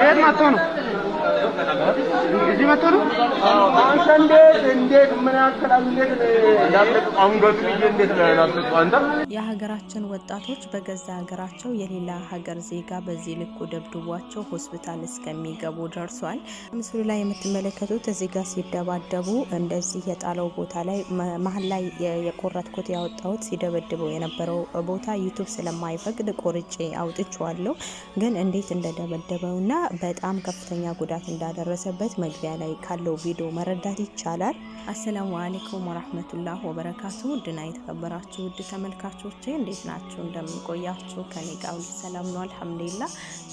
Ed matando. አንተ እንዴት እንዴት ምን ያክል እንዴት አንገቱ ብዬ እንዴት አንተ የሀገራችን ወጣቶች በገዛ ሀገራቸው የሌላ ሀገር ዜጋ በዚህ ልኩ ደብድቧቸው ሆስፒታል እስከሚገቡ ደርሷል። ምስሉ ላይ የምትመለከቱት እዚህ ጋር ሲደባደቡ እንደዚህ የጣለው ቦታ ላይ መሀል ላይ የቆረጥኩት ያወጣሁት ሲደበድበው የነበረው ቦታ ዩቱብ ስለማይፈቅድ ቆርጬ አውጥቼዋለሁ። ግን እንዴት እንደደበደበውና በጣም ከፍተኛ ጉዳት እንዳ እንዳደረሰበት መግቢያ ላይ ካለው ቪዲዮ መረዳት ይቻላል። አሰላሙ አሌይኩም ወራህመቱላህ ወበረካቱ። ውድና የተከበራችሁ ውድ ተመልካቾች እንዴት ናችሁ? እንደምንቆያችሁ ከኔ ጋር ሁሉ ሰላም ነው አልሐምዱሊላ።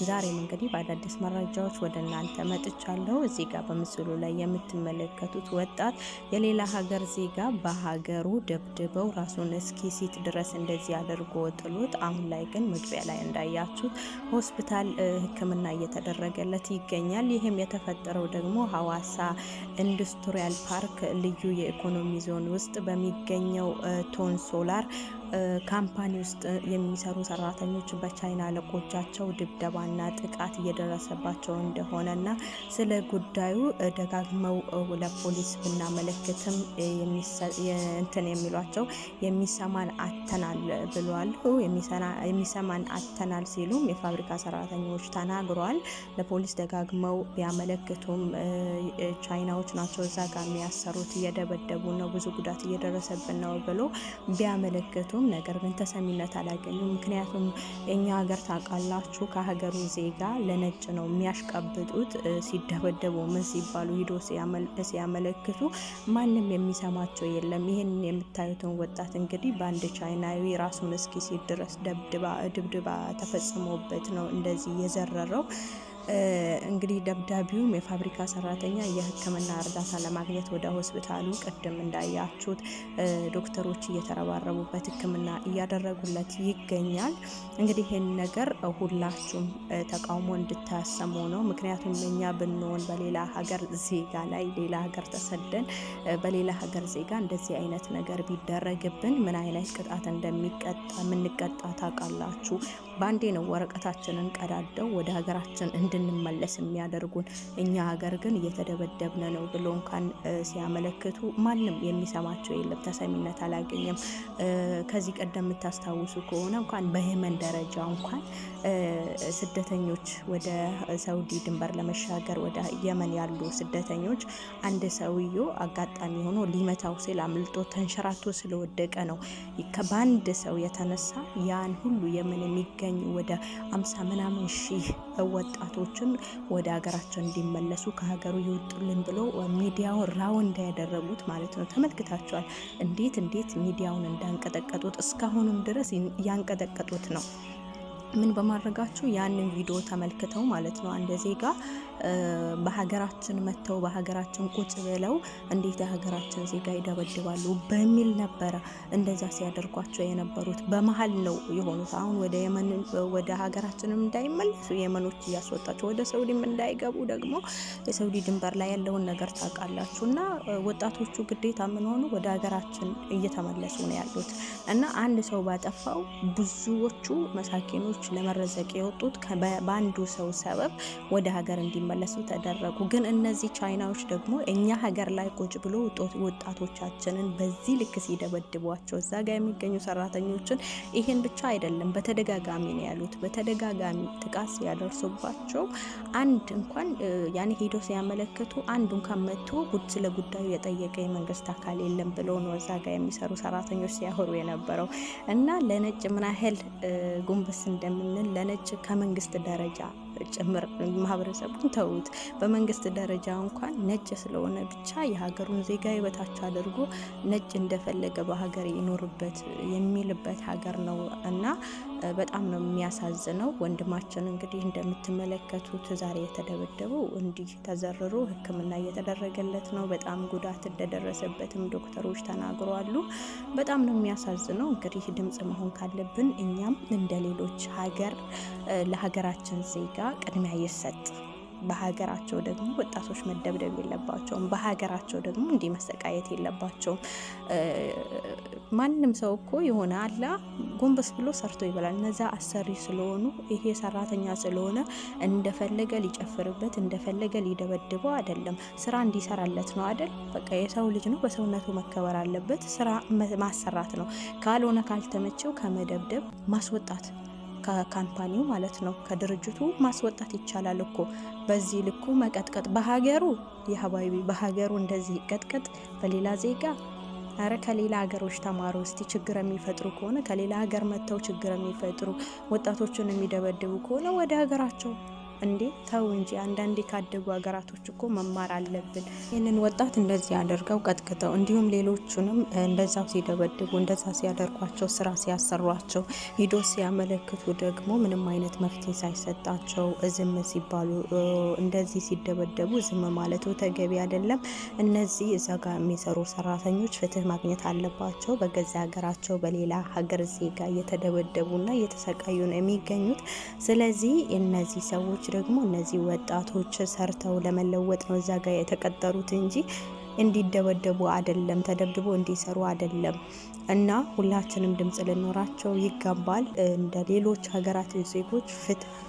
ዛሬም እንግዲህ በአዳዲስ መረጃዎች ወደ እናንተ መጥቻለሁ። እዚህ ጋር በምስሉ ላይ የምትመለከቱት ወጣት የሌላ ሀገር ዜጋ በሀገሩ ደብድበው ራሱን ሲት ድረስ እንደዚህ አድርጎ ጥሎት፣ አሁን ላይ ግን መግቢያ ላይ እንዳያችሁት ሆስፒታል ሕክምና እየተደረገለት ይገኛል። ይህም የተፈጠረው ደግሞ ሀዋሳ ኢንዱስትሪያል ፓርክ ልዩ የኢኮኖሚ ዞን ውስጥ በሚገኘው ቶን ሶላር ካምፓኒ ውስጥ የሚሰሩ ሰራተኞች በቻይና አለቆቻቸው ድብደባና ጥቃት እየደረሰባቸው እንደሆነና ስለ ጉዳዩ ደጋግመው ለፖሊስ ብናመለክትም እንትን የሚሏቸው የሚሰማን አተናል ብሏል። የሚሰማን አተናል ሲሉም የፋብሪካ ሰራተኞች ተናግረዋል። ለፖሊስ ደጋግመው ቢያመለክቱም ቻይናዎች ናቸው እዛ ጋር የሚያሰሩት እየደበደቡ ነው፣ ብዙ ጉዳት እየደረሰብን ነው ብሎ ቢያመለክቱም በሁሉም ነገር ግን ተሰሚነት አላገኙም። ምክንያቱም የኛ ሀገር ታውቃላችሁ፣ ከሀገሩ ዜጋ ለነጭ ነው የሚያሽቀብጡት። ሲደበደቡ ምን ሲባሉ ሂዶ ሲያመለክቱ ማንም የሚሰማቸው የለም። ይህን የምታዩትን ወጣት እንግዲህ በአንድ ቻይናዊ ራሱን እስኪ ሲድረስ ድብድባ ተፈጽሞበት ነው እንደዚህ የዘረረው። እንግዲህ ደብዳቢውም የፋብሪካ ሰራተኛ የሕክምና እርዳታ ለማግኘት ወደ ሆስፒታሉ ቅድም እንዳያችሁት ዶክተሮች እየተረባረቡበት ሕክምና እያደረጉለት ይገኛል። እንግዲህ ይህን ነገር ሁላችሁም ተቃውሞ እንድታሰሙ ነው። ምክንያቱም እኛ ብንሆን በሌላ ሀገር ዜጋ ላይ ሌላ ሀገር ተሰደን በሌላ ሀገር ዜጋ እንደዚህ አይነት ነገር ቢደረግብን ምን አይነት ቅጣት እንደሚቀጣ ምንቀጣ ታውቃላችሁ። በአንዴ ነው ወረቀታችንን ቀዳደው ወደ ሀገራችን እንድንመለስ የሚያደርጉን። እኛ ሀገር ግን እየተደበደብን ነው ብሎ እንኳን ሲያመለክቱ ማንም የሚሰማቸው የለም፣ ተሰሚነት አላገኘም። ከዚህ ቀደም የምታስታውሱ ከሆነ እንኳን በየመን ደረጃ እንኳን ስደተኞች ወደ ሰውዲ ድንበር ለመሻገር ወደ የመን ያሉ ስደተኞች አንድ ሰውዬ አጋጣሚ ሆኖ ሊመታው ሲል አምልጦ ተንሸራቶ ስለወደቀ ነው በአንድ ሰው የተነሳ ያን ሁሉ የመን የሚገ የሚገኙ ወደ አምሳ ምናምን ሺህ ወጣቶችን ወደ ሀገራቸው እንዲመለሱ ከሀገሩ ይወጡልን ብሎ ሚዲያውን ራውንድ ያደረጉት ማለት ነው። ተመልክታችኋል እንዴት እንዴት ሚዲያውን እንዳንቀጠቀጡት እስካሁኑም ድረስ ያንቀጠቀጡት ነው። ምን በማድረጋችሁ ያንን ቪዲዮ ተመልክተው ማለት ነው አንድ ዜጋ በሀገራችን መጥተው በሀገራችን ቁጭ ብለው እንዴት የሀገራችን ዜጋ ይደበድባሉ በሚል ነበረ እንደዛ ሲያደርጓቸው የነበሩት። በመሀል ነው የሆኑት። አሁን ወደ የመን ወደ ሀገራችንም እንዳይመለሱ የመኖች እያስወጣቸው ወደ ሰውዲም እንዳይገቡ ደግሞ የሰውዲ ድንበር ላይ ያለውን ነገር ታውቃላችሁ። እና ወጣቶቹ ግዴታ ምን ሆኑ ወደ ሀገራችን እየተመለሱ ነው ያሉት። እና አንድ ሰው ባጠፋው ብዙዎቹ መሳኪኖች ልጆች ለመረዘቅ የወጡት በአንዱ ሰው ሰበብ ወደ ሀገር እንዲመለሱ ተደረጉ። ግን እነዚህ ቻይናዎች ደግሞ እኛ ሀገር ላይ ቁጭ ብሎ ወጣቶቻችንን በዚህ ልክ ሲደበድቧቸው እዛ ጋር የሚገኙ ሰራተኞችን ይህን ብቻ አይደለም በተደጋጋሚ ነው ያሉት። በተደጋጋሚ ጥቃት ሲያደርሱባቸው አንድ እንኳን ያኔ ሄዶ ሲያመለክቱ አንዱ እንኳን መጥቶ ስለ ጉዳዩ የጠየቀ የመንግስት አካል የለም ብለው ነው እዛ ጋር የሚሰሩ ሰራተኞች ሲያወሩ የነበረው እና ለነጭ ምን ያህል ጉንብስ እንደ የምንል ለነጭ ከመንግስት ደረጃ ጭምር ማህበረሰቡን ተዉት። በመንግስት ደረጃ እንኳን ነጭ ስለሆነ ብቻ የሀገሩን ዜጋ የበታች አድርጎ ነጭ እንደፈለገ በሀገር ይኖርበት የሚልበት ሀገር ነው እና በጣም ነው የሚያሳዝነው። ወንድማችን እንግዲህ እንደምትመለከቱት ዛሬ የተደበደበው እንዲህ ተዘርሮ ሕክምና እየተደረገለት ነው። በጣም ጉዳት እንደደረሰበትም ዶክተሮች ተናግረዋሉ። በጣም ነው የሚያሳዝነው። እንግዲህ ድምጽ መሆን ካለብን እኛም እንደ ሌሎች ሀገር ለሀገራችን ዜጋ ቅድሚያ ይሰጥ። በሀገራቸው ደግሞ ወጣቶች መደብደብ የለባቸውም። በሀገራቸው ደግሞ እንዲህ መሰቃየት የለባቸውም። ማንም ሰው እኮ የሆነ አላ ጎንበስ ብሎ ሰርቶ ይበላል። እነዛ አሰሪ ስለሆኑ ይሄ ሰራተኛ ስለሆነ እንደፈለገ ሊጨፍርበት እንደፈለገ ሊደበድበው አይደለም። ስራ እንዲሰራለት ነው አይደል? በቃ የሰው ልጅ ነው፣ በሰውነቱ መከበር አለበት። ስራ ማሰራት ነው። ካልሆነ ካልተመቸው ከመደብደብ ማስወጣት ከካምፓኒው ማለት ነው ከድርጅቱ ማስወጣት ይቻላል እኮ በዚህ ልኩ መቀጥቀጥ በሀገሩ የሀባይቢ በሀገሩ እንደዚህ ይቀጥቀጥ በሌላ ዜጋ አረ ከሌላ ሀገሮች ተማሩ እስቲ ችግር የሚፈጥሩ ከሆነ ከሌላ ሀገር መጥተው ችግር የሚፈጥሩ ወጣቶችን የሚደበድቡ ከሆነ ወደ ሀገራቸው እንዴ ተው እንጂ አንዳንዴ ካደጉ ሀገራቶች እኮ መማር አለብን። ይህንን ወጣት እንደዚህ አድርገው ቀጥቅጠው፣ እንዲሁም ሌሎቹንም እንደዛው ሲደበድቡ፣ እንደዛ ሲያደርጓቸው፣ ስራ ሲያሰሯቸው፣ ሂዶ ሲያመለክቱ ደግሞ ምንም አይነት መፍትሄ ሳይሰጣቸው ዝም ሲባሉ፣ እንደዚህ ሲደበደቡ ዝም ማለቱ ተገቢ አይደለም። እነዚህ እዛ ጋር የሚሰሩ ሰራተኞች ፍትህ ማግኘት አለባቸው። በገዛ ሀገራቸው በሌላ ሀገር ዜጋ እየተደበደቡና እየተሰቃዩ ነው የሚገኙት። ስለዚህ እነዚህ ሰዎች ደግሞ እነዚህ ወጣቶች ሰርተው ለመለወጥ ነው እዛ ጋር የተቀጠሩት እንጂ እንዲደበደቡ አይደለም፣ ተደብድቦ እንዲሰሩ አይደለም። እና ሁላችንም ድምጽ ልኖራቸው ይገባል። እንደ ሌሎች ሀገራት ዜጎች ፍትህ